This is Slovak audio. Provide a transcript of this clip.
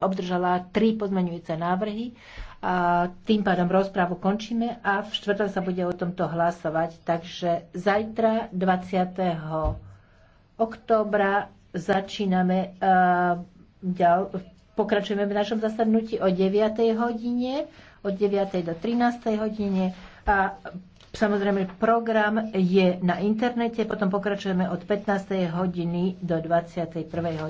obdržala tri pozmeňujúce návrhy a tým pádom rozprávu končíme a v štvrtok sa bude o tomto hlasovať. Takže zajtra 20. októbra začíname uh, ďal, pokračujeme v našom zasadnutí o 9. hodine, od 9. do 13. hodine a Samozrejme, program je na internete, potom pokračujeme od 15. hodiny do 21. hodiny.